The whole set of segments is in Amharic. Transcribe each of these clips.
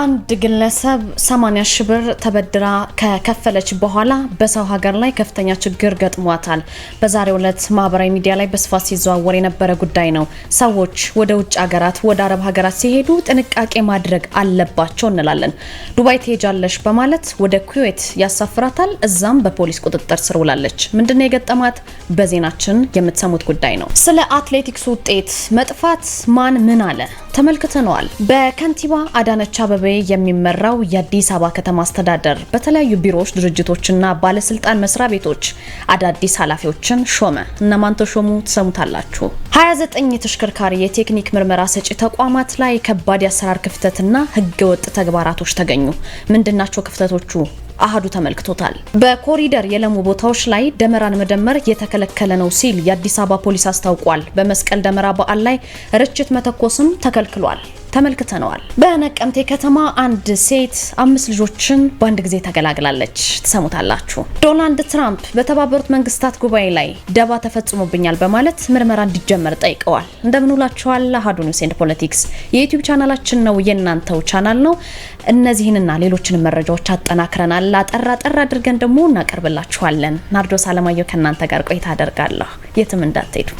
አንድ ግለሰብ 80 ሺህ ብር ተበድራ ከከፈለች በኋላ በሰው ሀገር ላይ ከፍተኛ ችግር ገጥሟታል። በዛሬው ዕለት ማህበራዊ ሚዲያ ላይ በስፋት ሲዘዋወር የነበረ ጉዳይ ነው። ሰዎች ወደ ውጭ ሀገራት፣ ወደ አረብ ሀገራት ሲሄዱ ጥንቃቄ ማድረግ አለባቸው እንላለን። ዱባይ ትሄጃለሽ በማለት ወደ ኩዌት ያሳፍራታል። እዛም በፖሊስ ቁጥጥር ስር ውላለች። ምንድነው የገጠማት? በዜናችን የምትሰሙት ጉዳይ ነው። ስለ አትሌቲክ የቴክስ ውጤት መጥፋት ማን ምን አለ ተመልክተነዋል። በከንቲባ አዳነች አበቤ የሚመራው የአዲስ አበባ ከተማ አስተዳደር በተለያዩ ቢሮዎች፣ ድርጅቶችና ባለስልጣን መስሪያ ቤቶች አዳዲስ ኃላፊዎችን ሾመ። እነማን ተሾሙ ትሰሙታላችሁ። 29 ተሽከርካሪ የቴክኒክ ምርመራ ሰጪ ተቋማት ላይ ከባድ የአሰራር ክፍተትና ህገወጥ ተግባራቶች ተገኙ። ምንድናቸው ክፍተቶቹ? አህዱ ተመልክቶታል። በኮሪደር የለሙ ቦታዎች ላይ ደመራን መደመር የተከለከለ ነው ሲል የአዲስ አበባ ፖሊስ አስታውቋል። በመስቀል ደመራ በዓል ላይ ርችት መተኮስም ተከልክሏል። ተመልክተነዋል። በነቀምቴ ከተማ አንድ ሴት አምስት ልጆችን በአንድ ጊዜ ተገላግላለች። ትሰሙታላችሁ። ዶናልድ ትራምፕ በተባበሩት መንግስታት ጉባኤ ላይ ደባ ተፈጽሞብኛል በማለት ምርመራ እንዲጀመር ጠይቀዋል። እንደምንውላችኋል። አሀዱ ኒውስ ኤንድ ፖለቲክስ የዩቲዩብ ቻናላችን ነው፣ የእናንተው ቻናል ነው። እነዚህንና ሌሎችንም መረጃዎች አጠናክረናል። አጠር ጠራ አድርገን ደግሞ እናቀርብላችኋለን። ናርዶስ አለማየሁ ከእናንተ ጋር ቆይታ አደርጋለሁ። የትም እንዳትሄዱ።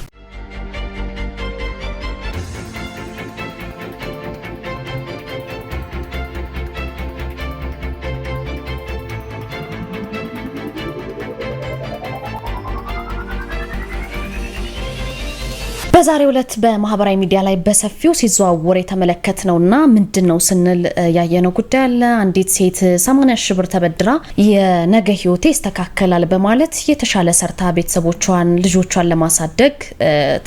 በዛሬው ዕለት በማህበራዊ ሚዲያ ላይ በሰፊው ሲዘዋወር የተመለከትነውና ምንድን ነው ስንል ያየነው ጉዳይ አለ። አንዲት ሴት 80 ሺህ ብር ተበድራ የነገ ህይወቴ ይስተካከላል በማለት የተሻለ ሰርታ ቤተሰቦቿን፣ ልጆቿን ለማሳደግ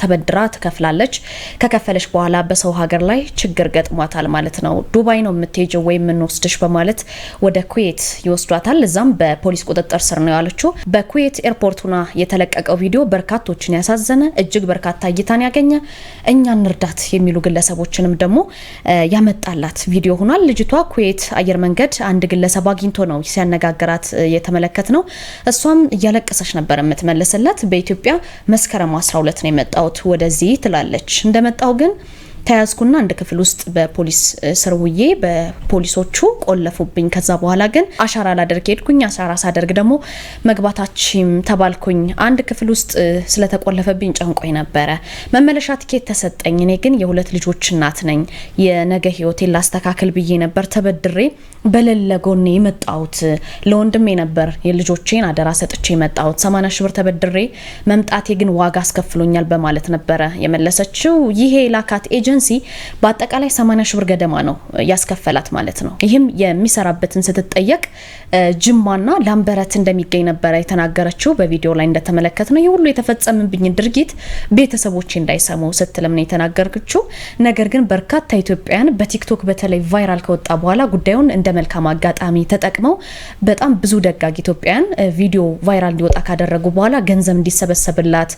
ተበድራ ትከፍላለች። ከከፈለች በኋላ በሰው ሀገር ላይ ችግር ገጥሟታል ማለት ነው። ዱባይ ነው የምትሄጀው ወይም የምንወስድሽ በማለት ወደ ኩዌት ይወስዷታል። እዛም በፖሊስ ቁጥጥር ስር ነው ያለችው። በኩዌት ኤርፖርቱና የተለቀቀው ቪዲዮ በርካቶችን ያሳዘነ እጅግ በርካታ እይታ እውቅናን ያገኘ እኛ እንርዳት የሚሉ ግለሰቦችንም ደግሞ ያመጣላት ቪዲዮ ሆኗል። ልጅቷ ኩዌት አየር መንገድ አንድ ግለሰብ አግኝቶ ነው ሲያነጋግራት የተመለከት ነው። እሷም እያለቀሰች ነበር የምትመልስለት። በኢትዮጵያ መስከረም 12 ነው የመጣሁት ወደዚህ ትላለች። እንደመጣሁ ግን ተያዝኩና አንድ ክፍል ውስጥ በፖሊስ ስር ውዬ በፖሊሶቹ ቆለፉብኝ። ከዛ በኋላ ግን አሻራ ላደርግ ሄድኩኝ። አሻራ ሳደርግ ደግሞ መግባታችም ተባልኩኝ። አንድ ክፍል ውስጥ ስለተቆለፈብኝ ጨንቆኝ ነበረ። መመለሻ ትኬት ተሰጠኝ። እኔ ግን የሁለት ልጆች እናት ነኝ። የነገ ህይወቴ ላስተካከል ብዬ ነበር ተበድሬ በሌለ ጎኔ የመጣሁት። ለወንድሜ ነበር የልጆቼን አደራ ሰጥቼ የመጣሁት። ሰማንያ ሺህ ብር ተበድሬ መምጣቴ ግን ዋጋ አስከፍሎኛል በማለት ነበረ የመለሰችው። ይሄ ላካት ኤጀንት ኤጀንሲ በአጠቃላይ 80 ሺ ብር ገደማ ነው ያስከፈላት ማለት ነው። ይህም የሚሰራበትን ስትጠየቅ ጅማና ላምበረት እንደሚገኝ ነበረ የተናገረችው በቪዲዮ ላይ እንደተመለከት ነው። ይህ ሁሉ የተፈጸምብኝን ድርጊት ቤተሰቦች እንዳይሰሙ ስትልም ነው የተናገረችው። ነገር ግን በርካታ ኢትዮጵያውያን በቲክቶክ በተለይ ቫይራል ከወጣ በኋላ ጉዳዩን እንደ መልካም አጋጣሚ ተጠቅመው በጣም ብዙ ደጋግ ኢትዮጵያውያን ቪዲዮ ቫይራል እንዲወጣ ካደረጉ በኋላ ገንዘብ እንዲሰበሰብላት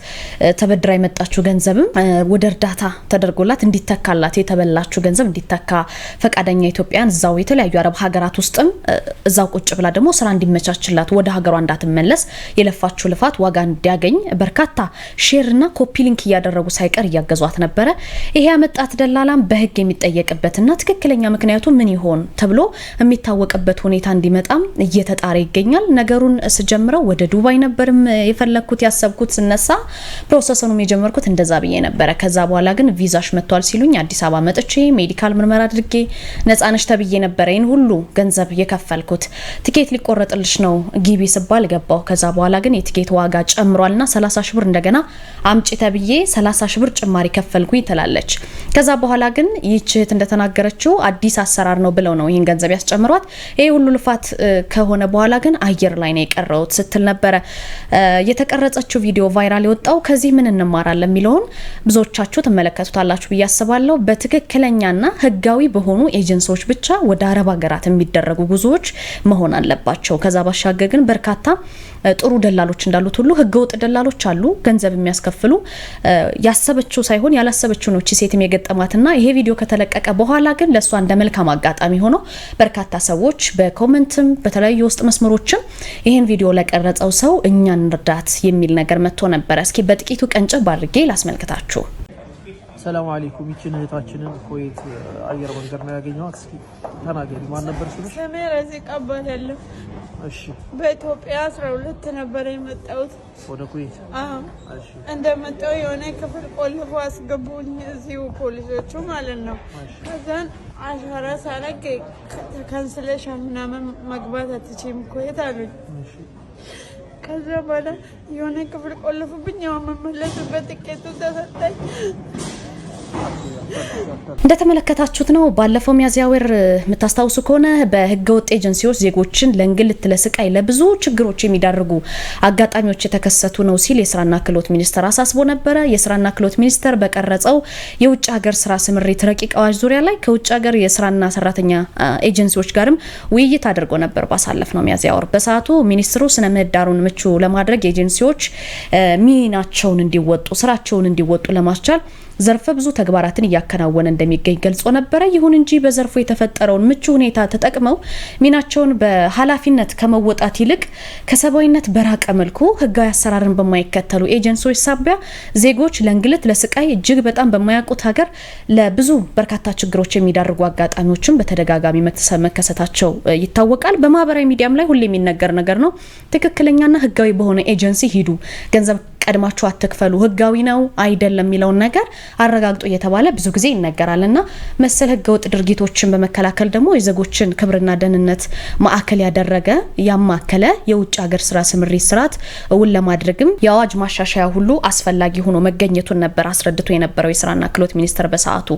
ተበድራ የመጣችው ገንዘብም ወደ እርዳታ ተደርጎላት እንዲ እንዲተካላት የተበላችው ገንዘብ እንዲተካ ፈቃደኛ ኢትዮጵያን እዛው የተለያዩ አረብ ሀገራት ውስጥም እዛው ቁጭ ብላ ደግሞ ስራ እንዲመቻችላት ወደ ሀገሯ እንዳትመለስ የለፋችው ልፋት ዋጋ እንዲያገኝ በርካታ ሼርና ኮፒ ሊንክ እያደረጉ ሳይቀር እያገዟት ነበረ። ይሄ ያመጣት ደላላም በህግ የሚጠየቅበትና ትክክለኛ ምክንያቱ ምን ይሆን ተብሎ የሚታወቅበት ሁኔታ እንዲመጣም እየተጣረ ይገኛል። ነገሩን ስጀምረው ወደ ዱባይ ነበርም የፈለግኩት ያሰብኩት ስነሳ ፕሮሰሰኑም የጀመርኩት እንደዛ ብዬ ነበረ። ከዛ በኋላ ግን ቪዛሽ መጥቷል ሲሉኝ አዲስ አበባ መጥቼ ሜዲካል ምርመራ አድርጌ ነጻነሽ ተብዬ ነበረ ይህን ሁሉ ገንዘብ የከፈልኩት። ቲኬት ሊቆረጥልሽ ነው ጊቢ ስባል ገባው። ከዛ በኋላ ግን የቲኬት ዋጋ ጨምሯልና 30 ሺ ብር እንደገና አምጪ ተብዬ 30 ሺ ብር ጭማሪ ከፈልኩኝ ትላለች። ከዛ በኋላ ግን ይህች እህት እንደተናገረችው አዲስ አሰራር ነው ብለው ነው ይህን ገንዘብ ያስጨምሯት። ይህ ሁሉ ልፋት ከሆነ በኋላ ግን አየር ላይ ነው የቀረውት ስትል ነበረ የተቀረጸችው ቪዲዮ ቫይራል የወጣው። ከዚህ ምን እንማራለን የሚለውን ብዙዎቻችሁ ትመለከቱታላችሁ ብዬ አስባለሁ። አስባለሁ። በትክክለኛና ህጋዊ በሆኑ ኤጀንሲዎች ብቻ ወደ አረብ ሀገራት የሚደረጉ ጉዞዎች መሆን አለባቸው። ከዛ ባሻገር ግን በርካታ ጥሩ ደላሎች እንዳሉት ሁሉ ህገወጥ ደላሎች አሉ፣ ገንዘብ የሚያስከፍሉ ያሰበችው ሳይሆን ያላሰበችው ነው ሴትም የገጠማትና ይሄ ቪዲዮ ከተለቀቀ በኋላ ግን ለእሷ እንደ መልካም አጋጣሚ ሆኖ በርካታ ሰዎች በኮመንትም በተለያዩ የውስጥ መስመሮችም ይህን ቪዲዮ ለቀረጸው ሰው እኛን እርዳት የሚል ነገር መጥቶ ነበረ። እስኪ በጥቂቱ ቀንጭብ አድርጌ ላስመልክታችሁ። ሰላም አለይኩም። ይችን እህታችንን ኮይት አየር መንገድ ነው ያገኘኋት። እስኪ ተናገሪ፣ ማን ነበር ስሙ? ስሜ ረዚቃ እባላለሁ። እሺ፣ በኢትዮጵያ አስራ ሁለት ነበር የመጣሁት ወደ ኩዌት። እንደመጣሁ የሆነ ክፍል ቆልፎ አስገቡኝ፣ እዚሁ ፖሊሶቹ ማለት ነው። ከዛን አሻራ ሳረግ ከንስለሻ ምናምን መግባት አትችም ኩዌት አሉኝ። ከዛ በኋላ የሆነ ክፍል ቆልፉብኝ። ያው የምመለስበት ትኬቱ ተሰጠኝ። እንደተመለከታችሁት ነው። ባለፈው ሚያዝያ ወር የምታስታውሱ ከሆነ በህገወጥ ኤጀንሲዎች ዜጎችን ለእንግልት፣ ለስቃይ፣ ለብዙ ችግሮች የሚዳርጉ አጋጣሚዎች የተከሰቱ ነው ሲል የስራና ክህሎት ሚኒስቴር አሳስቦ ነበረ። የስራና ክህሎት ሚኒስቴር በቀረጸው የውጭ ሀገር ስራ ስምሪት ረቂቅ አዋጅ ዙሪያ ላይ ከውጭ ሀገር የስራና ሰራተኛ ኤጀንሲዎች ጋርም ውይይት አድርጎ ነበር ባሳለፍነው ሚያዝያ ወር። በሰዓቱ ሚኒስትሩ ስነ ምህዳሩን ምቹ ለማድረግ ኤጀንሲዎች ሚናቸውን እንዲወጡ ስራቸውን እንዲወጡ ለማስቻል ዘርፈ ብዙ ተግባራትን እያከናወነ እንደሚገኝ ገልጾ ነበረ። ይሁን እንጂ በዘርፉ የተፈጠረውን ምቹ ሁኔታ ተጠቅመው ሚናቸውን በኃላፊነት ከመወጣት ይልቅ ከሰብአዊነት በራቀ መልኩ ህጋዊ አሰራርን በማይከተሉ ኤጀንሲዎች ሳቢያ ዜጎች ለእንግልት፣ ለስቃይ እጅግ በጣም በማያውቁት ሀገር ለብዙ በርካታ ችግሮች የሚዳርጉ አጋጣሚዎችን በተደጋጋሚ መከሰታቸው ይታወቃል። በማህበራዊ ሚዲያም ላይ ሁሌ የሚነገር ነገር ነው። ትክክለኛና ህጋዊ በሆነ ኤጀንሲ ሂዱ፣ ገንዘብ ቀድማችሁ አትክፈሉ፣ ህጋዊ ነው አይደለም የሚለውን ነገር አረጋግጡ እየተባለ ብዙ ጊዜ ይነገራል እና መሰል ህገወጥ ድርጊቶችን በመከላከል ደግሞ የዜጎችን ክብርና ደህንነት ማዕከል ያደረገ ያማከለ የውጭ ሀገር ስራ ስምሪት ስርዓት እውን ለማድረግም የአዋጅ ማሻሻያ ሁሉ አስፈላጊ ሆኖ መገኘቱን ነበር አስረድቶ የነበረው የስራና ክህሎት ሚኒስቴር በሰዓቱ።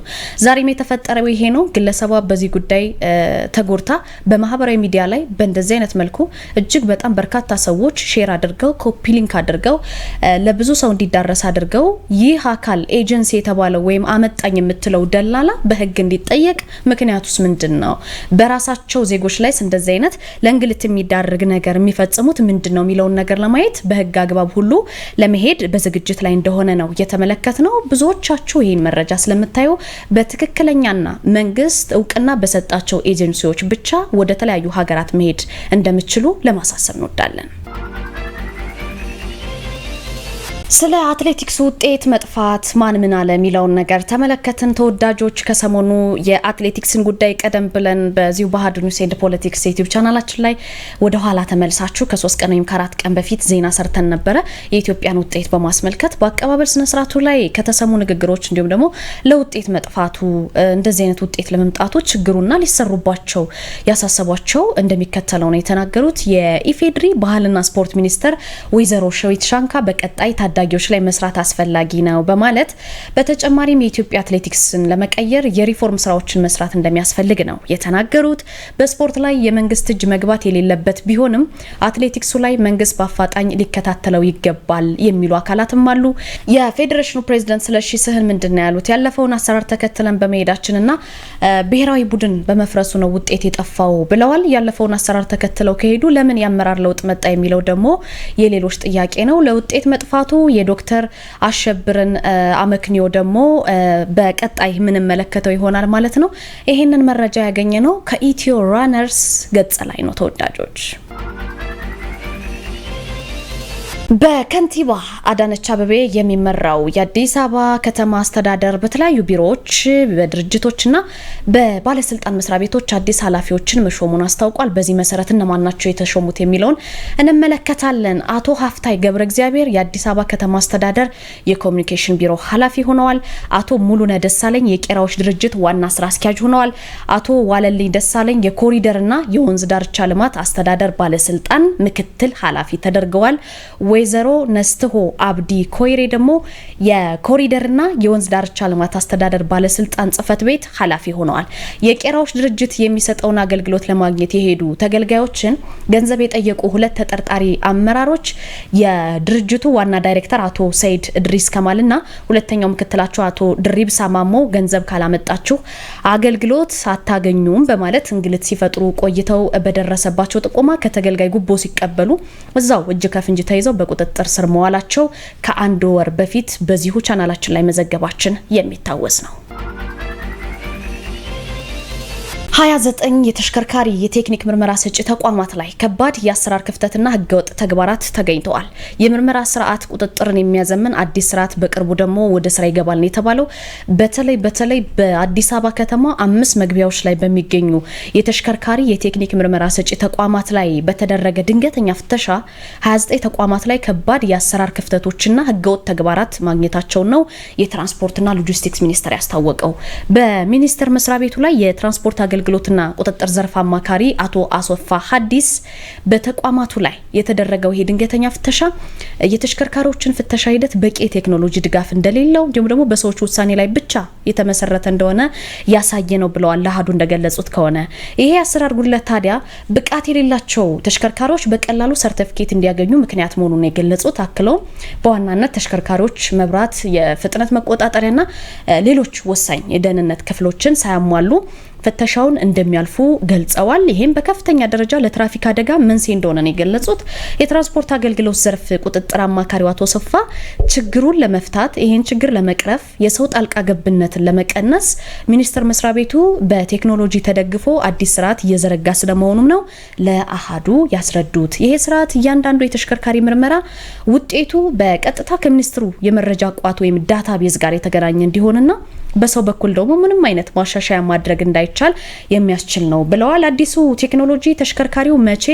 ዛሬም የተፈጠረው ይሄ ነው። ግለሰቧ በዚህ ጉዳይ ተጎድታ በማህበራዊ ሚዲያ ላይ በእንደዚህ አይነት መልኩ እጅግ በጣም በርካታ ሰዎች ሼር አድርገው ኮፒ ሊንክ አድርገው ለብዙ ሰው እንዲዳረስ አድርገው ይህ አካል ኤጀንሲ የተባለው ወይም አመጣኝ የምትለው ደላላ በህግ እንዲጠየቅ ምክንያቱስ ምንድን ነው? በራሳቸው ዜጎች ላይ እንደዚህ አይነት ለእንግልት የሚዳርግ ነገር የሚፈጽሙት ምንድን ነው የሚለውን ነገር ለማየት በህግ አግባብ ሁሉ ለመሄድ በዝግጅት ላይ እንደሆነ ነው እየተመለከት ነው። ብዙዎቻችሁ ይህን መረጃ ስለምታዩ በትክክለኛና መንግስት እውቅና በሰጣቸው ኤጀንሲዎች ብቻ ወደ ተለያዩ ሀገራት መሄድ እንደምችሉ ለማሳሰብ እንወዳለን። ስለ አትሌቲክስ ውጤት መጥፋት ማን ምን አለ የሚለውን ነገር ተመለከትን። ተወዳጆች ከሰሞኑ የአትሌቲክስን ጉዳይ ቀደም ብለን በዚሁ በአሃዱ ኒውስ ኤንድ ፖለቲክስ የዩቲዩብ ቻናላችን ላይ ወደ ኋላ ተመልሳችሁ ከሶስት ቀን ወይም ከአራት ቀን በፊት ዜና ሰርተን ነበረ። የኢትዮጵያን ውጤት በማስመልከት በአቀባበል ስነስርዓቱ ላይ ከተሰሙ ንግግሮች እንዲሁም ደግሞ ለውጤት መጥፋቱ እንደዚህ አይነት ውጤት ለመምጣቱ ችግሩና ሊሰሩባቸው ያሳሰቧቸው እንደሚከተለው ነው የተናገሩት። የኢፌዴሪ ባህልና ስፖርት ሚኒስተር ወይዘሮ ሸዊት ሻንካ በቀጣይ ታዳጊዎች ላይ መስራት አስፈላጊ ነው በማለት በተጨማሪም የኢትዮጵያ አትሌቲክስን ለመቀየር የሪፎርም ስራዎችን መስራት እንደሚያስፈልግ ነው የተናገሩት። በስፖርት ላይ የመንግስት እጅ መግባት የሌለበት ቢሆንም አትሌቲክሱ ላይ መንግስት በአፋጣኝ ሊከታተለው ይገባል የሚሉ አካላትም አሉ። የፌዴሬሽኑ ፕሬዚደንት ስለሺ ስህን ምንድን ነው ያሉት? ያለፈውን አሰራር ተከትለን በመሄዳችንና ብሔራዊ ቡድን በመፍረሱ ነው ውጤት የጠፋው ብለዋል። ያለፈውን አሰራር ተከትለው ከሄዱ ለምን የአመራር ለውጥ መጣ የሚለው ደግሞ የሌሎች ጥያቄ ነው። ለውጤት መጥፋቱ የዶክተር አሸብርን አመክንዮ ደግሞ በቀጣይ የምንመለከተው ይሆናል ማለት ነው። ይህንን መረጃ ያገኘ ነው ከኢትዮ ራነርስ ገጽ ላይ ነው ተወዳጆች። በከንቲባ አዳነች አበቤ የሚመራው የአዲስ አበባ ከተማ አስተዳደር በተለያዩ ቢሮዎች በድርጅቶችና በባለስልጣን መስሪያ ቤቶች አዲስ ኃላፊዎችን መሾሙን አስታውቋል። በዚህ መሰረት እነማን ናቸው የተሾሙት የሚለውን እንመለከታለን። አቶ ሀፍታይ ገብረ እግዚአብሔር የአዲስ አበባ ከተማ አስተዳደር የኮሚኒኬሽን ቢሮ ኃላፊ ሆነዋል። አቶ ሙሉነ ደሳለኝ የቄራዎች ድርጅት ዋና ስራ አስኪያጅ ሆነዋል። አቶ ዋለልኝ ደሳለኝ የኮሪደርና የወንዝ ዳርቻ ልማት አስተዳደር ባለስልጣን ምክትል ኃላፊ ተደርገዋል። ወይዘሮ ነስትሆ አብዲ ኮይሬ ደግሞ የኮሪደርና የወንዝ ዳርቻ ልማት አስተዳደር ባለስልጣን ጽህፈት ቤት ኃላፊ ሆነዋል። የቄራዎች ድርጅት የሚሰጠውን አገልግሎት ለማግኘት የሄዱ ተገልጋዮችን ገንዘብ የጠየቁ ሁለት ተጠርጣሪ አመራሮች የድርጅቱ ዋና ዳይሬክተር አቶ ሰይድ እድሪስ ከማልና ሁለተኛው ምክትላቸው አቶ ድሪብሳ ማሞ ገንዘብ ካላመጣችሁ አገልግሎት አታገኙም በማለት እንግልት ሲፈጥሩ ቆይተው በደረሰባቸው ጥቆማ ከተገልጋይ ጉቦ ሲቀበሉ እዛው እጅ ከፍንጅ ተይዘው በቁጥጥር ስር መዋላቸው ከአንድ ወር በፊት በዚሁ ቻናላችን ላይ መዘገባችን የሚታወስ ነው። 29 የተሽከርካሪ የቴክኒክ ምርመራ ሰጪ ተቋማት ላይ ከባድ የአሰራር ክፍተትና ህገወጥ ተግባራት ተገኝተዋል። የምርመራ ስርዓት ቁጥጥርን የሚያዘምን አዲስ ስርዓት በቅርቡ ደግሞ ወደ ስራ ይገባል ነው የተባለው። በተለይ በተለይ በአዲስ አበባ ከተማ አምስት መግቢያዎች ላይ በሚገኙ የተሽከርካሪ የቴክኒክ ምርመራ ሰጪ ተቋማት ላይ በተደረገ ድንገተኛ ፍተሻ 29 ተቋማት ላይ ከባድ የአሰራር ክፍተቶችና ህገወጥ ተግባራት ማግኘታቸውን ነው የትራንስፖርትና ሎጂስቲክስ ሚኒስቴር ያስታወቀው። በሚኒስቴር መስሪያ ቤቱ ላይ የትራንስፖርት አገልግሎት አገልግሎትና ቁጥጥር ዘርፍ አማካሪ አቶ አሶፋ ሀዲስ በተቋማቱ ላይ የተደረገው ይሄ ድንገተኛ ፍተሻ የተሽከርካሪዎችን ፍተሻ ሂደት በቂ የቴክኖሎጂ ድጋፍ እንደሌለው እንዲሁም ደግሞ በሰዎች ውሳኔ ላይ ብቻ የተመሰረተ እንደሆነ ያሳየ ነው ብለዋል። ለአሀዱ እንደገለጹት ከሆነ ይሄ አሰራር ጉድለት ታዲያ ብቃት የሌላቸው ተሽከርካሪዎች በቀላሉ ሰርተፊኬት እንዲያገኙ ምክንያት መሆኑን የገለጹት አክለው በዋናነት ተሽከርካሪዎች መብራት፣ የፍጥነት መቆጣጠሪያና ሌሎች ወሳኝ የደህንነት ክፍሎችን ሳያሟሉ ፍተሻውን እንደሚያልፉ ገልጸዋል። ይህም በከፍተኛ ደረጃ ለትራፊክ አደጋ መንስኤ እንደሆነ ነው የገለጹት። የትራንስፖርት አገልግሎት ዘርፍ ቁጥጥር አማካሪው አቶ ሰፋ ችግሩን ለመፍታት ይህን ችግር ለመቅረፍ የሰው ጣልቃ ገብነትን ለመቀነስ ሚኒስቴር መስሪያ ቤቱ በቴክኖሎጂ ተደግፎ አዲስ ስርዓት እየዘረጋ ስለመሆኑም ነው ለአሃዱ ያስረዱት። ይሄ ስርዓት እያንዳንዱ የተሽከርካሪ ምርመራ ውጤቱ በቀጥታ ከሚኒስትሩ የመረጃ ቋት ወይም ዳታ ቤዝ ጋር የተገናኘ እንዲሆንና በሰው በኩል ደግሞ ምንም አይነት ማሻሻያ ማድረግ እንዳይቻል የሚያስችል ነው ብለዋል። አዲሱ ቴክኖሎጂ ተሽከርካሪው መቼ፣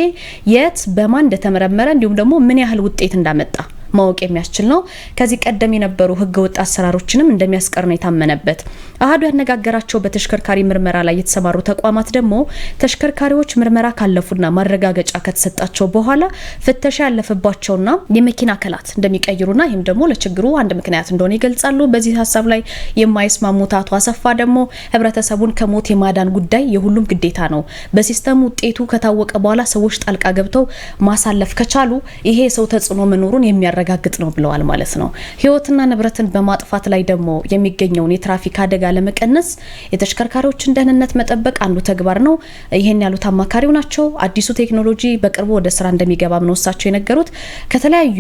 የት፣ በማን እንደተመረመረ እንዲሁም ደግሞ ምን ያህል ውጤት እንዳመጣ ማወቅ የሚያስችል ነው። ከዚህ ቀደም የነበሩ ህገወጥ አሰራሮችንም እንደሚያስቀር ነው የታመነበት። አህዱ ያነጋገራቸው በተሽከርካሪ ምርመራ ላይ የተሰማሩ ተቋማት ደግሞ ተሽከርካሪዎች ምርመራ ካለፉና ማረጋገጫ ከተሰጣቸው በኋላ ፍተሻ ያለፈባቸውና የመኪና አካላት እንደሚቀይሩና ይህም ደግሞ ለችግሩ አንድ ምክንያት እንደሆነ ይገልጻሉ። በዚህ ሀሳብ ላይ የማይስማሙት አቶ አሰፋ ደግሞ ህብረተሰቡን ከሞት የማዳን ጉዳይ የሁሉም ግዴታ ነው። በሲስተም ውጤቱ ከታወቀ በኋላ ሰዎች ጣልቃ ገብተው ማሳለፍ ከቻሉ ይሄ የሰው ተጽዕኖ መኖሩን የሚያረ የሚያረጋግጥ ነው ብለዋል ማለት ነው። ህይወትና ንብረትን በማጥፋት ላይ ደግሞ የሚገኘውን የትራፊክ አደጋ ለመቀነስ የተሽከርካሪዎችን ደህንነት መጠበቅ አንዱ ተግባር ነው። ይህን ያሉት አማካሪው ናቸው። አዲሱ ቴክኖሎጂ በቅርቡ ወደ ስራ እንደሚገባም ነው እሳቸው የነገሩት። ከተለያዩ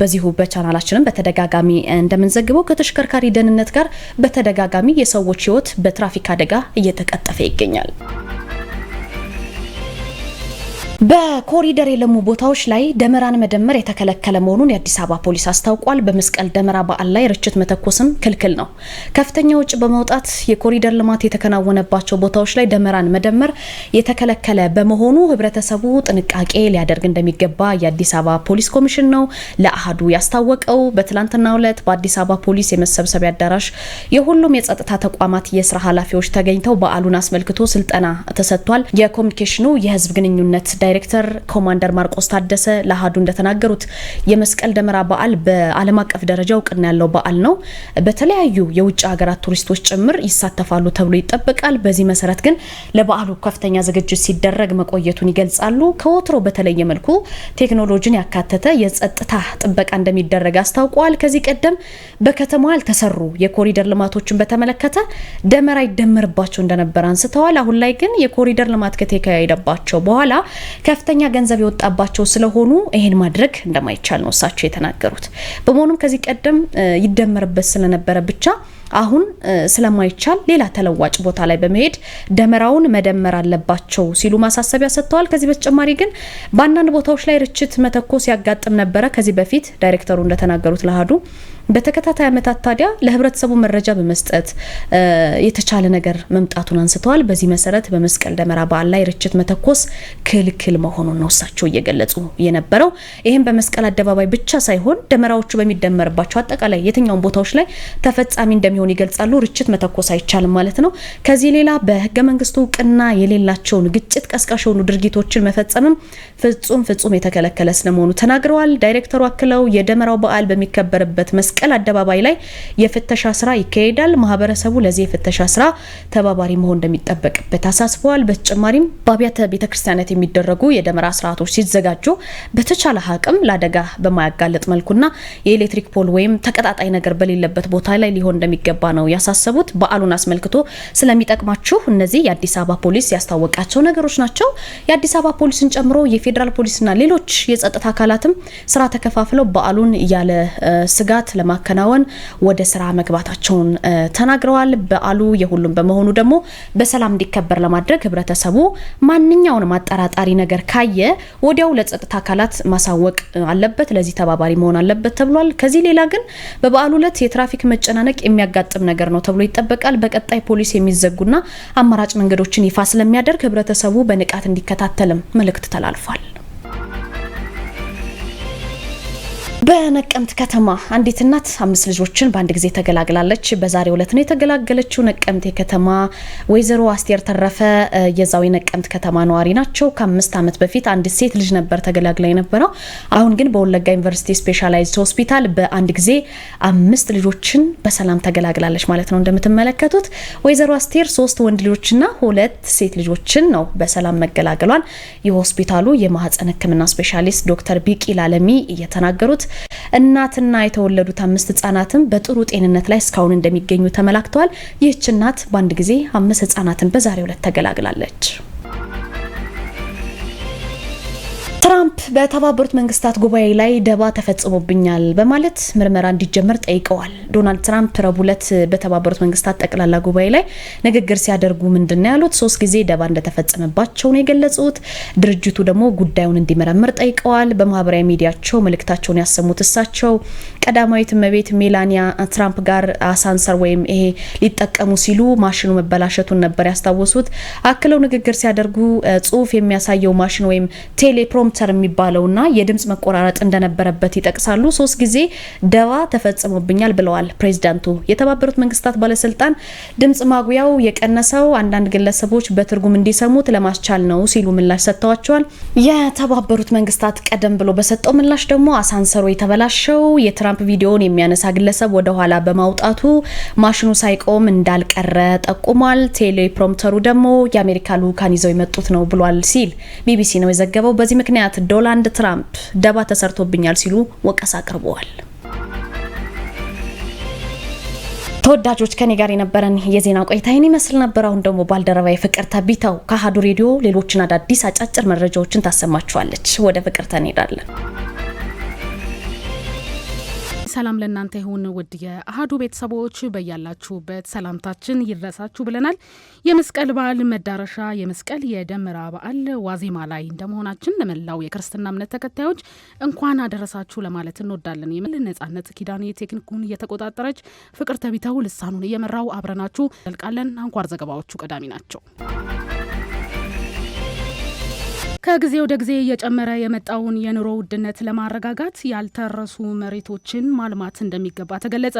በዚሁ በቻናላችንም በተደጋጋሚ እንደምንዘግበው ከተሽከርካሪ ደህንነት ጋር በተደጋጋሚ የሰዎች ህይወት በትራፊክ አደጋ እየተቀጠፈ ይገኛል። በኮሪደር የለሙ ቦታዎች ላይ ደመራን መደመር የተከለከለ መሆኑን የአዲስ አበባ ፖሊስ አስታውቋል። በመስቀል ደመራ በዓል ላይ ርችት መተኮስም ክልክል ነው። ከፍተኛ ውጭ በመውጣት የኮሪደር ልማት የተከናወነባቸው ቦታዎች ላይ ደመራን መደመር የተከለከለ በመሆኑ ህብረተሰቡ ጥንቃቄ ሊያደርግ እንደሚገባ የአዲስ አበባ ፖሊስ ኮሚሽን ነው ለአህዱ ያስታወቀው። በትላንትናው ዕለት በአዲስ አበባ ፖሊስ የመሰብሰቢያ አዳራሽ የሁሉም የጸጥታ ተቋማት የስራ ኃላፊዎች ተገኝተው በዓሉን አስመልክቶ ስልጠና ተሰጥቷል። የኮሚኒኬሽኑ የህዝብ ግንኙነት ዳይሬክተር ኮማንደር ማርቆስ ታደሰ ለአሀዱ እንደተናገሩት የመስቀል ደመራ በዓል በዓለም አቀፍ ደረጃ እውቅና ያለው በዓል ነው። በተለያዩ የውጭ ሀገራት ቱሪስቶች ጭምር ይሳተፋሉ ተብሎ ይጠበቃል። በዚህ መሰረት ግን ለበዓሉ ከፍተኛ ዝግጅት ሲደረግ መቆየቱን ይገልጻሉ። ከወትሮ በተለየ መልኩ ቴክኖሎጂን ያካተተ የጸጥታ ጥበቃ እንደሚደረግ አስታውቀዋል። ከዚህ ቀደም በከተማዋ ያልተሰሩ የኮሪደር ልማቶችን በተመለከተ ደመራ ይደመርባቸው እንደነበር አንስተዋል። አሁን ላይ ግን የኮሪደር ልማት ከተካሄደባቸው በኋላ ከፍተኛ ገንዘብ የወጣባቸው ስለሆኑ ይሄን ማድረግ እንደማይቻል ነው እሳቸው የተናገሩት። በመሆኑም ከዚህ ቀደም ይደመርበት ስለነበረ ብቻ አሁን ስለማይቻል ሌላ ተለዋጭ ቦታ ላይ በመሄድ ደመራውን መደመር አለባቸው ሲሉ ማሳሰቢያ ሰጥተዋል። ከዚህ በተጨማሪ ግን በአንዳንድ ቦታዎች ላይ ርችት መተኮስ ያጋጥም ነበረ። ከዚህ በፊት ዳይሬክተሩ እንደተናገሩት ለአሀዱ በተከታታይ ዓመታት ታዲያ ለህብረተሰቡ መረጃ በመስጠት የተቻለ ነገር መምጣቱን አንስተዋል። በዚህ መሰረት በመስቀል ደመራ በዓል ላይ ርችት መተኮስ ክልክል መሆኑን ነው እሳቸው እየገለጹ የነበረው። ይህም በመስቀል አደባባይ ብቻ ሳይሆን ደመራዎቹ በሚደመርባቸው አጠቃላይ የትኛውን ቦታዎች ላይ ተፈጻሚ እንደሚሆን ይገልጻሉ። ርችት መተኮስ አይቻልም ማለት ነው። ከዚህ ሌላ በህገ መንግስቱ እውቅና የሌላቸውን ግጭት ቀስቃሽ የሆኑ ድርጊቶችን መፈጸምም ፍጹም ፍጹም የተከለከለ ስለመሆኑ ተናግረዋል። ዳይሬክተሩ አክለው የደመራው በዓል በሚከበርበት መስ መስቀል አደባባይ ላይ የፍተሻ ስራ ይካሄዳል። ማህበረሰቡ ለዚህ የፍተሻ ስራ ተባባሪ መሆን እንደሚጠበቅበት አሳስበዋል። በተጨማሪም በአብያተ ቤተ ክርስቲያናት የሚደረጉ የደመራ ስርዓቶች ሲዘጋጁ በተቻለ አቅም ለአደጋ በማያጋልጥ መልኩና የኤሌክትሪክ ፖል ወይም ተቀጣጣይ ነገር በሌለበት ቦታ ላይ ሊሆን እንደሚገባ ነው ያሳሰቡት። በዓሉን አስመልክቶ ስለሚጠቅማችሁ እነዚህ የአዲስ አበባ ፖሊስ ያስታወቃቸው ነገሮች ናቸው። የአዲስ አበባ ፖሊስን ጨምሮ የፌዴራል ፖሊስና ሌሎች የጸጥታ አካላትም ስራ ተከፋፍለው በዓሉን ያለ ስጋት ለማከናወን ወደ ስራ መግባታቸውን ተናግረዋል። በዓሉ የሁሉም በመሆኑ ደግሞ በሰላም እንዲከበር ለማድረግ ህብረተሰቡ ማንኛውንም አጠራጣሪ ነገር ካየ ወዲያው ለጸጥታ አካላት ማሳወቅ አለበት፣ ለዚህ ተባባሪ መሆን አለበት ተብሏል። ከዚህ ሌላ ግን በበዓሉ ዕለት የትራፊክ መጨናነቅ የሚያጋጥም ነገር ነው ተብሎ ይጠበቃል። በቀጣይ ፖሊስ የሚዘጉና አማራጭ መንገዶችን ይፋ ስለሚያደርግ ህብረተሰቡ በንቃት እንዲከታተልም መልእክት ተላልፏል። በነቀምት ከተማ አንዲት እናት አምስት ልጆችን በአንድ ጊዜ ተገላግላለች። በዛሬው ዕለት ነው የተገላገለችው። ነቀምት ከተማ ወይዘሮ አስቴር ተረፈ የዛው የነቀምት ከተማ ነዋሪ ናቸው። ከአምስት ዓመት በፊት አንድ ሴት ልጅ ነበር ተገላግላ የነበረው። አሁን ግን በወለጋ ዩኒቨርሲቲ ስፔሻላይዝድ ሆስፒታል በአንድ ጊዜ አምስት ልጆችን በሰላም ተገላግላለች ማለት ነው። እንደምትመለከቱት ወይዘሮ አስቴር ሶስት ወንድ ልጆችና ሁለት ሴት ልጆችን ነው በሰላም መገላገሏን የሆስፒታሉ የማህፀን ሕክምና ስፔሻሊስት ዶክተር ቢቂ ላለሚ እየተናገሩት እናትና የተወለዱት አምስት ህጻናትም በጥሩ ጤንነት ላይ እስካሁን እንደሚገኙ ተመላክተዋል። ይህች እናት በአንድ ጊዜ አምስት ህጻናትን በዛሬው ዕለት ተገላግላለች። ትራምፕ በተባበሩት መንግስታት ጉባኤ ላይ ደባ ተፈጽሞብኛል በማለት ምርመራ እንዲጀመር ጠይቀዋል። ዶናልድ ትራምፕ ረቡዕ ዕለት በተባበሩት መንግስታት ጠቅላላ ጉባኤ ላይ ንግግር ሲያደርጉ ምንድን ነው ያሉት? ሶስት ጊዜ ደባ እንደተፈጸመባቸው ነው የገለጹት። ድርጅቱ ደግሞ ጉዳዩን እንዲመረምር ጠይቀዋል። በማህበራዊ ሚዲያቸው መልእክታቸውን ያሰሙት እሳቸው ቀዳማዊት እመቤት ሜላኒያ ትራምፕ ጋር አሳንሰር ወይም ይሄ ሊጠቀሙ ሲሉ ማሽኑ መበላሸቱን ነበር ያስታወሱት። አክለው ንግግር ሲያደርጉ ጽሁፍ የሚያሳየው ማሽን ወይም ቴሌፕሮም ሞኒተር የሚባለውና የድምፅ መቆራረጥ እንደነበረበት ይጠቅሳሉ። ሶስት ጊዜ ደባ ተፈጽሞብኛል ብለዋል ፕሬዚዳንቱ። የተባበሩት መንግስታት ባለስልጣን ድምፅ ማጉያው የቀነሰው አንዳንድ ግለሰቦች በትርጉም እንዲሰሙት ለማስቻል ነው ሲሉ ምላሽ ሰጥተዋቸዋል። የተባበሩት መንግስታት ቀደም ብሎ በሰጠው ምላሽ ደግሞ አሳንሰሩ የተበላሸው የትራምፕ ቪዲዮን የሚያነሳ ግለሰብ ወደኋላ በማውጣቱ ማሽኑ ሳይቆም እንዳልቀረ ጠቁሟል። ቴሌፕሮምተሩ ደግሞ የአሜሪካ ልኡካን ይዘው የመጡት ነው ብሏል ሲል ቢቢሲ ነው የዘገበው። በዚህ ምክንያት ምክንያት ዶናልድ ትራምፕ ደባ ተሰርቶብኛል ሲሉ ወቀሳ አቅርበዋል። ተወዳጆች ከኔ ጋር የነበረን የዜና ቆይታ ይህን ይመስል ነበር። አሁን ደግሞ ባልደረባ የፍቅርተ ቢተው ከአሀዱ ሬዲዮ ሌሎችን አዳዲስ አጫጭር መረጃዎችን ታሰማችኋለች። ወደ ፍቅርተ እንሄዳለን። ሰላም ለእናንተ ይሁን ውድ የአህዱ ቤተሰቦች በያላችሁበት ሰላምታችን ይድረሳችሁ ብለናል። የመስቀል በዓል መዳረሻ የመስቀል የደመራ በዓል ዋዜማ ላይ እንደመሆናችን ለመላው የክርስትና እምነት ተከታዮች እንኳን አደረሳችሁ ለማለት እንወዳለን። የምል ነጻነት ኪዳኔ ቴክኒኩን እየተቆጣጠረች ፍቅር ተቢተው ልሳኑን እየመራው አብረናችሁ ዘልቃለን። አንኳር ዘገባዎቹ ቀዳሚ ናቸው። ከጊዜ ወደ ጊዜ እየጨመረ የመጣውን የኑሮ ውድነት ለማረጋጋት ያልተረሱ መሬቶችን ማልማት እንደሚገባ ተገለጸ።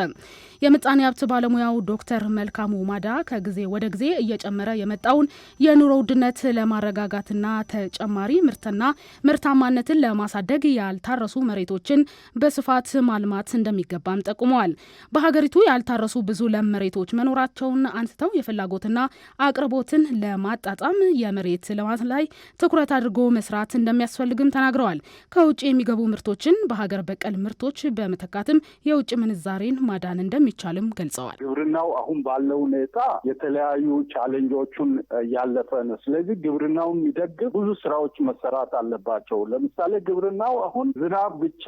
የምጣኔ ሀብት ባለሙያው ዶክተር መልካሙ ማዳ ከጊዜ ወደ ጊዜ እየጨመረ የመጣውን የኑሮ ውድነት ለማረጋጋትና ተጨማሪ ምርትና ምርታማነትን ለማሳደግ ያልታረሱ መሬቶችን በስፋት ማልማት እንደሚገባም ጠቁመዋል። በሀገሪቱ ያልታረሱ ብዙ ለም መሬቶች መኖራቸውን አንስተው የፍላጎትና አቅርቦትን ለማጣጣም የመሬት ልማት ላይ ትኩረት አድርገ አድርጎ መስራት እንደሚያስፈልግም ተናግረዋል። ከውጭ የሚገቡ ምርቶችን በሀገር በቀል ምርቶች በመተካትም የውጭ ምንዛሬን ማዳን እንደሚቻልም ገልጸዋል። ግብርናው አሁን ባለው ሁኔታ የተለያዩ ቻሌንጆቹን እያለፈ ነው። ስለዚህ ግብርናው የሚደግፍ ብዙ ስራዎች መሰራት አለባቸው። ለምሳሌ ግብርናው አሁን ዝናብ ብቻ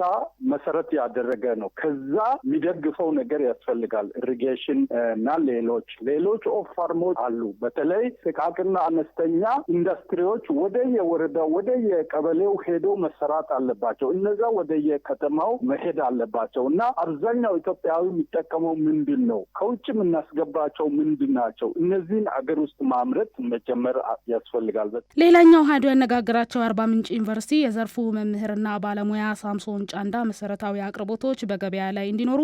መሰረት ያደረገ ነው። ከዛ የሚደግፈው ነገር ያስፈልጋል። ኢሪጌሽን እና ሌሎች ሌሎች ኦፍ ፋርሞች አሉ። በተለይ ጥቃቅና አነስተኛ ኢንዱስትሪዎች ወደ የወረ ወረዳ ወደ የቀበሌው ሄዶ መሰራት አለባቸው። እነዛ ወደ የከተማው መሄድ አለባቸው እና አብዛኛው ኢትዮጵያዊ የሚጠቀመው ምንድን ነው? ከውጭ የምናስገባቸው ምንድን ናቸው? እነዚህን አገር ውስጥ ማምረት መጀመር ያስፈልጋል። ሌላኛው ሀዱ ያነጋገራቸው አርባ ምንጭ ዩኒቨርሲቲ የዘርፉ መምህርና ባለሙያ ሳምሶን ጫንዳ መሰረታዊ አቅርቦቶች በገበያ ላይ እንዲኖሩ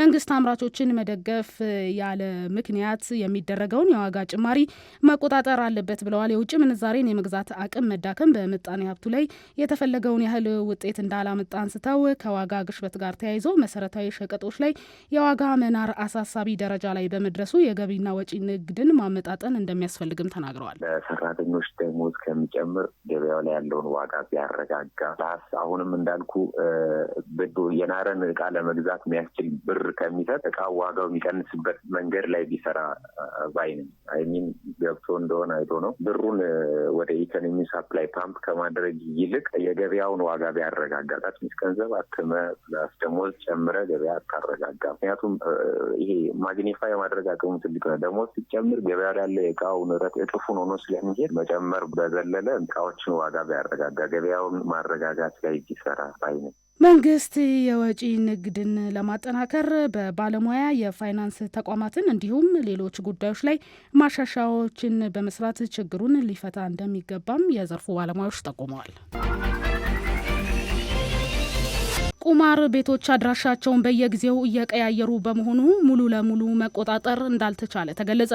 መንግስት አምራቾችን መደገፍ ያለ ምክንያት የሚደረገውን የዋጋ ጭማሪ መቆጣጠር አለበት ብለዋል። የውጭ ምንዛሬን የመግዛት አቅም መዳከም በምጣኔ ሀብቱ ላይ የተፈለገውን ያህል ውጤት እንዳላመጣ አንስተው ከዋጋ ግሽበት ጋር ተያይዞ መሰረታዊ ሸቀጦች ላይ የዋጋ መናር አሳሳቢ ደረጃ ላይ በመድረሱ የገቢና ወጪ ንግድን ማመጣጠን እንደሚያስፈልግም ተናግረዋል። ለሰራተኞች ደሞዝ ከሚጨምር ገበያው ላይ ያለውን ዋጋ ቢያረጋጋ አሁንም እንዳልኩ የናረን እቃ ለመግዛት የሚያስችል ብር ብር ከሚሰጥ እቃ ዋጋው የሚቀንስበት መንገድ ላይ ቢሰራ ባይ አይሚን ገብቶ እንደሆነ አይቶ ነው ብሩን ወደ ኢኮኖሚ ሳፕላይ ፓምፕ ከማድረግ ይልቅ የገበያውን ዋጋ ቢያረጋጋ። ትንሽ ገንዘብ አትመ ፕላስ ደሞዝ ጨምረ ገበያ አታረጋጋ። ምክንያቱም ይሄ ማግኒፋ የማድረግ አቅሙ ትልቅ ነ ደሞዝ ሲጨምር ገበያ ላለ የእቃው ንረት እጥፉን ሆኖ ስለሚሄድ መጨመር በዘለለ እቃዎችን ዋጋ ቢያረጋጋ ገበያውን ማረጋጋት ላይ ቢሰራ ባይ መንግስት የወጪ ንግድን ለማጠናከር በባለሙያ የፋይናንስ ተቋማትን እንዲሁም ሌሎች ጉዳዮች ላይ ማሻሻያዎችን በመስራት ችግሩን ሊፈታ እንደሚገባም የዘርፉ ባለሙያዎች ጠቁመዋል። ቁማር ቤቶች አድራሻቸውን በየጊዜው እየቀያየሩ በመሆኑ ሙሉ ለሙሉ መቆጣጠር እንዳልተቻለ ተገለጸ።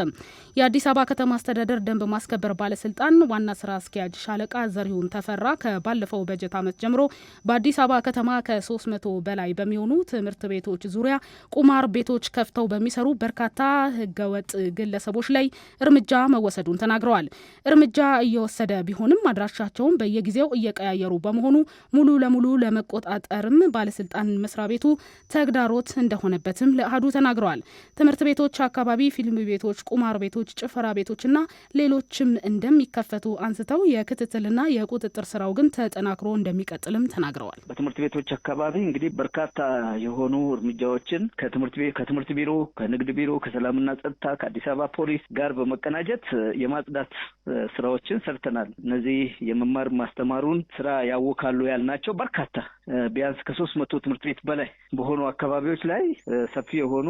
የአዲስ አበባ ከተማ አስተዳደር ደንብ ማስከበር ባለስልጣን ዋና ስራ አስኪያጅ ሻለቃ ዘሪሁን ተፈራ ከባለፈው በጀት ዓመት ጀምሮ በአዲስ አበባ ከተማ ከ300 በላይ በሚሆኑ ትምህርት ቤቶች ዙሪያ ቁማር ቤቶች ከፍተው በሚሰሩ በርካታ ህገወጥ ግለሰቦች ላይ እርምጃ መወሰዱን ተናግረዋል። እርምጃ እየወሰደ ቢሆንም አድራሻቸውን በየጊዜው እየቀያየሩ በመሆኑ ሙሉ ለሙሉ ለመቆጣጠርም ባለስልጣን መስሪያ ቤቱ ተግዳሮት እንደሆነበትም ለአህዱ ተናግረዋል። ትምህርት ቤቶች አካባቢ ፊልም ቤቶች፣ ቁማር ቤቶች፣ ጭፈራ ቤቶችና ሌሎችም እንደሚከፈቱ አንስተው የክትትልና የቁጥጥር ስራው ግን ተጠናክሮ እንደሚቀጥልም ተናግረዋል። በትምህርት ቤቶች አካባቢ እንግዲህ በርካታ የሆኑ እርምጃዎችን ከትምህርት ቢሮ፣ ከንግድ ቢሮ፣ ከሰላምና ጸጥታ፣ ከአዲስ አበባ ፖሊስ ጋር በመቀናጀት የማጽዳት ስራዎችን ሰርተናል። እነዚህ የመማር ማስተማሩን ስራ ያውካሉ ያልናቸው በርካታ ቢያንስ ከሶስት ከሶስት መቶ ትምህርት ቤት በላይ በሆኑ አካባቢዎች ላይ ሰፊ የሆኑ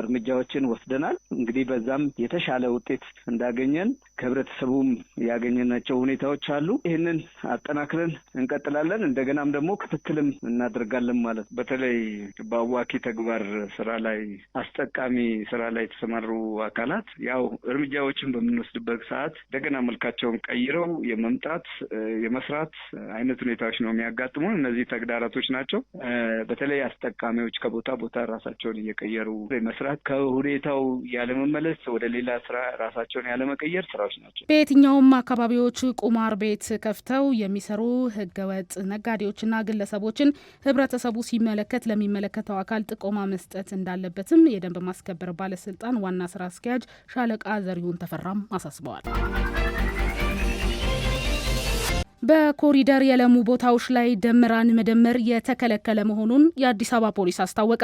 እርምጃዎችን ወስደናል። እንግዲህ በዛም የተሻለ ውጤት እንዳገኘን ከህብረተሰቡም ያገኘናቸው ሁኔታዎች አሉ። ይህንን አጠናክረን እንቀጥላለን። እንደገናም ደግሞ ክትትልም እናደርጋለን ማለት ነው። በተለይ በአዋኪ ተግባር ስራ ላይ አስጠቃሚ ስራ ላይ የተሰማሩ አካላት ያው እርምጃዎችን በምንወስድበት ሰዓት እንደገና መልካቸውን ቀይረው የመምጣት የመስራት አይነት ሁኔታዎች ነው የሚያጋጥሙን። እነዚህ ተግዳራቶች ናቸው። በተለይ አስጠቃሚዎች ከቦታ ቦታ ራሳቸውን እየቀየሩ መስራት፣ ከሁኔታው ያለመመለስ፣ ወደ ሌላ ስራ ራሳቸውን ያለመቀየር ስራዎች ናቸው። በየትኛውም አካባቢዎች ቁማር ቤት ከፍተው የሚሰሩ ህገወጥ ነጋዴዎችና ግለሰቦችን ህብረተሰቡ ሲመለከት ለሚመለከተው አካል ጥቆማ መስጠት እንዳለበትም የደንብ ማስከበር ባለስልጣን ዋና ስራ አስኪያጅ ሻለቃ ዘሪሁን ተፈራም አሳስበዋል። በኮሪደር የለሙ ቦታዎች ላይ ደመራን መደመር የተከለከለ መሆኑን የአዲስ አበባ ፖሊስ አስታወቀ።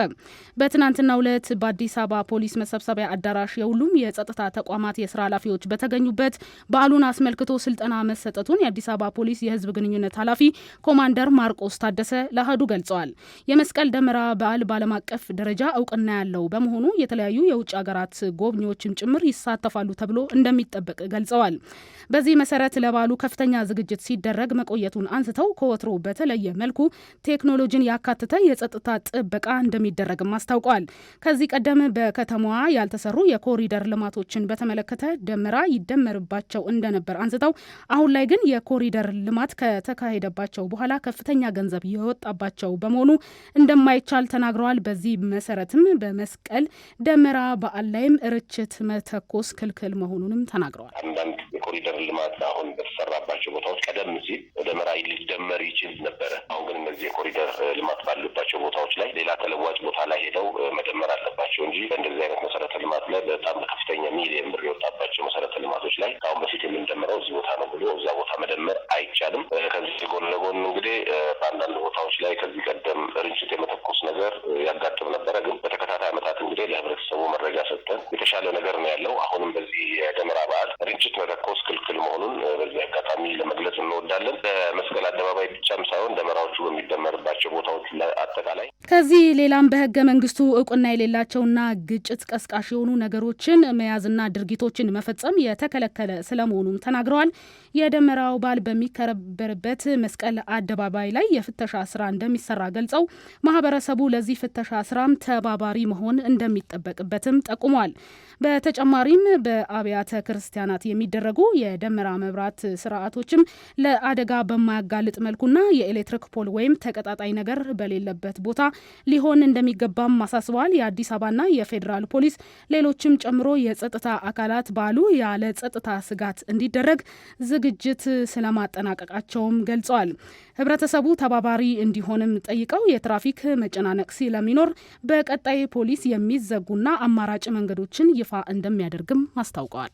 በትናንትናው ዕለት በአዲስ አበባ ፖሊስ መሰብሰቢያ አዳራሽ የሁሉም የጸጥታ ተቋማት የስራ ኃላፊዎች በተገኙበት በዓሉን አስመልክቶ ስልጠና መሰጠቱን የአዲስ አበባ ፖሊስ የህዝብ ግንኙነት ኃላፊ ኮማንደር ማርቆስ ታደሰ ለአህዱ ገልጸዋል። የመስቀል ደመራ በዓል በዓለም አቀፍ ደረጃ እውቅና ያለው በመሆኑ የተለያዩ የውጭ ሀገራት ጎብኚዎችም ጭምር ይሳተፋሉ ተብሎ እንደሚጠበቅ ገልጸዋል። በዚህ መሰረት ለበዓሉ ከፍተኛ ዝግጅት ሲደ ሲደረግ መቆየቱን አንስተው ከወትሮ በተለየ መልኩ ቴክኖሎጂን ያካተተ የጸጥታ ጥበቃ እንደሚደረግም አስታውቋል። ከዚህ ቀደም በከተማዋ ያልተሰሩ የኮሪደር ልማቶችን በተመለከተ ደመራ ይደመርባቸው እንደነበር አንስተው አሁን ላይ ግን የኮሪደር ልማት ከተካሄደባቸው በኋላ ከፍተኛ ገንዘብ የወጣባቸው በመሆኑ እንደማይቻል ተናግረዋል። በዚህ መሰረትም በመስቀል ደመራ በዓል ላይም ርችት መተኮስ ክልክል መሆኑንም ተናግረዋል። አንዳንድ የኮሪደር ልማት አሁን በተሰራባቸው ቦታዎች ቀደም ቀደም ሲል ወደ መራይ ሊደመር ይችል ነበረ። አሁን ግን እነዚህ የኮሪደር ልማት ባለባቸው ቦታዎች ላይ ሌላ ተለዋጭ ቦታ ላይ ሄደው መደመር አለባቸው እንጂ በእንደዚህ አይነት መሰረተ ልማት ላይ በጣም በከፍተኛ ሚሊየን ብር የወጣባቸው መሰረተ ልማቶች ላይ ከአሁን በፊት የምንደምረው እዚህ ቦታ ነው ብሎ እዛ ቦታ መደመር አይቻልም። ከዚህ ጎን ለጎን እንግዲህ በአንዳንድ ቦታዎች ላይ ከዚህ ቀደም ርችት የመተኮስ ነገር ያጋጥም ነበረ። ግን በተከታታይ ዓመታት እንግዲህ ለህብረተሰቡ መረጃ ሰጥተን የተሻለ ነገር ነው ያለው። ከዚህ ሌላም በህገ መንግስቱ እውቅና የሌላቸውና ግጭት ቀስቃሽ የሆኑ ነገሮችን መያዝና ድርጊቶችን መፈጸም የተከለከለ ስለመሆኑም ተናግረዋል። የደመራው በዓል በሚከበርበት መስቀል አደባባይ ላይ የፍተሻ ስራ እንደሚሰራ ገልጸው ማህበረሰቡ ለዚህ ፍተሻ ስራም ተባባሪ መሆን እንደሚጠበቅበትም ጠቁሟል። በተጨማሪም በአብያተ ክርስቲያናት የሚደረጉ የደመራ መብራት ስርዓቶችም ለአደጋ በማያጋልጥ መልኩና የኤሌክትሪክ ፖል ወይም ተቀጣጣይ ነገር በሌለበት ቦታ ሊሆን እንደሚገባም አሳስበዋል። የአዲስ አበባና የፌዴራል ፖሊስ ሌሎችም ጨምሮ የጸጥታ አካላት ባሉ ያለ ጸጥታ ስጋት እንዲደረግ ዝግጅት ስለማጠናቀቃቸውም ገልጸዋል። ህብረተሰቡ ተባባሪ እንዲሆንም ጠይቀው የትራፊክ መጨናነቅ ስለሚኖር በቀጣይ ፖሊስ የሚዘጉና አማራጭ መንገዶችን ይፋ እንደሚያደርግም አስታውቀዋል።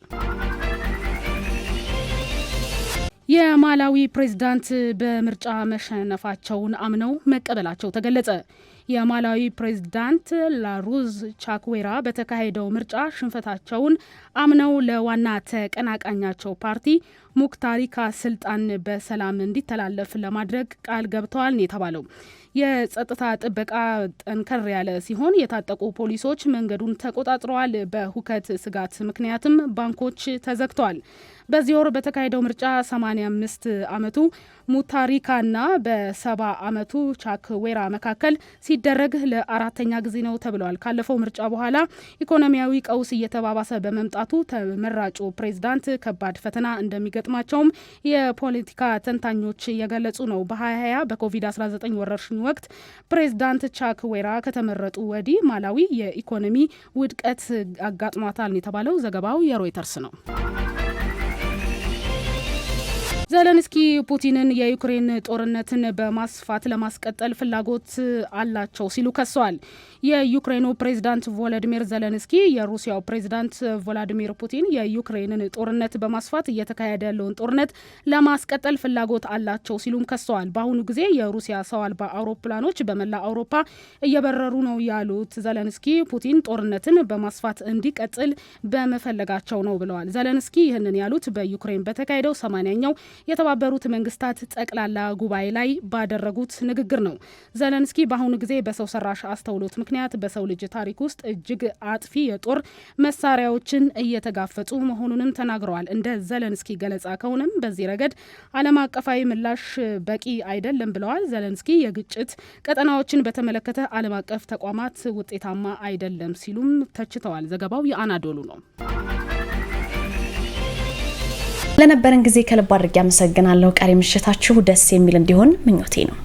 የማላዊ ፕሬዝዳንት በምርጫ መሸነፋቸውን አምነው መቀበላቸው ተገለጸ። የማላዊ ፕሬዝዳንት ላሩዝ ቻክዌራ በተካሄደው ምርጫ ሽንፈታቸውን አምነው ለዋና ተቀናቃኛቸው ፓርቲ ሙክታሪ ስልጣን በሰላም እንዲተላለፍ ለማድረግ ቃል ገብተዋል ነው የተባለው። የጸጥታ ጥበቃ ጠንከር ያለ ሲሆን የታጠቁ ፖሊሶች መንገዱን ተቆጣጥረዋል። በሁከት ስጋት ምክንያትም ባንኮች ተዘግተዋል። በዚህ ወር በተካሄደው ምርጫ 85 ዓመቱ ሙታሪካና በሰባ ዓመቱ ቻክ ዌራ መካከል ሲደረግ ለአራተኛ ጊዜ ነው ተብለዋል። ካለፈው ምርጫ በኋላ ኢኮኖሚያዊ ቀውስ እየተባባሰ በመምጣቱ ተመራጩ ፕሬዝዳንት ከባድ ፈተና እንደሚገጥማቸውም የፖለቲካ ተንታኞች እየገለጹ ነው። በ2020 በኮቪድ-19 ወረርሽኙ ወቅት ፕሬዝዳንት ቻክ ዌራ ከተመረጡ ወዲህ ማላዊ የኢኮኖሚ ውድቀት አጋጥሟታል የተባለው ዘገባው የሮይተርስ ነው። ዘለንስኪ ፑቲንን የዩክሬን ጦርነትን በማስፋት ለማስቀጠል ፍላጎት አላቸው ሲሉ ከሰዋል። የዩክሬኑ ፕሬዚዳንት ቮለዲሚር ዘለንስኪ የሩሲያው ፕሬዚዳንት ቮላዲሚር ፑቲን የዩክሬንን ጦርነት በማስፋት እየተካሄደ ያለውን ጦርነት ለማስቀጠል ፍላጎት አላቸው ሲሉም ከሰዋል። በአሁኑ ጊዜ የሩሲያ ሰው አልባ አውሮፕላኖች በመላ አውሮፓ እየበረሩ ነው ያሉት ዘለንስኪ ፑቲን ጦርነትን በማስፋት እንዲቀጥል በመፈለጋቸው ነው ብለዋል። ዘለንስኪ ይህንን ያሉት በዩክሬን በተካሄደው ሰማንያኛው የተባበሩት መንግስታት ጠቅላላ ጉባኤ ላይ ባደረጉት ንግግር ነው። ዘለንስኪ በአሁኑ ጊዜ በሰው ሰራሽ አስተውሎት ምክንያት ምክንያት በሰው ልጅ ታሪክ ውስጥ እጅግ አጥፊ የጦር መሳሪያዎችን እየተጋፈጡ መሆኑንም ተናግረዋል። እንደ ዘለንስኪ ገለጻ ከሆነም በዚህ ረገድ ዓለም አቀፋዊ ምላሽ በቂ አይደለም ብለዋል። ዘለንስኪ የግጭት ቀጠናዎችን በተመለከተ ዓለም አቀፍ ተቋማት ውጤታማ አይደለም ሲሉም ተችተዋል። ዘገባው የአናዶሉ ነው። ለነበረን ጊዜ ከልብ አድርጌ አመሰግናለሁ። ቀሪ ምሽታችሁ ደስ የሚል እንዲሆን ምኞቴ ነው።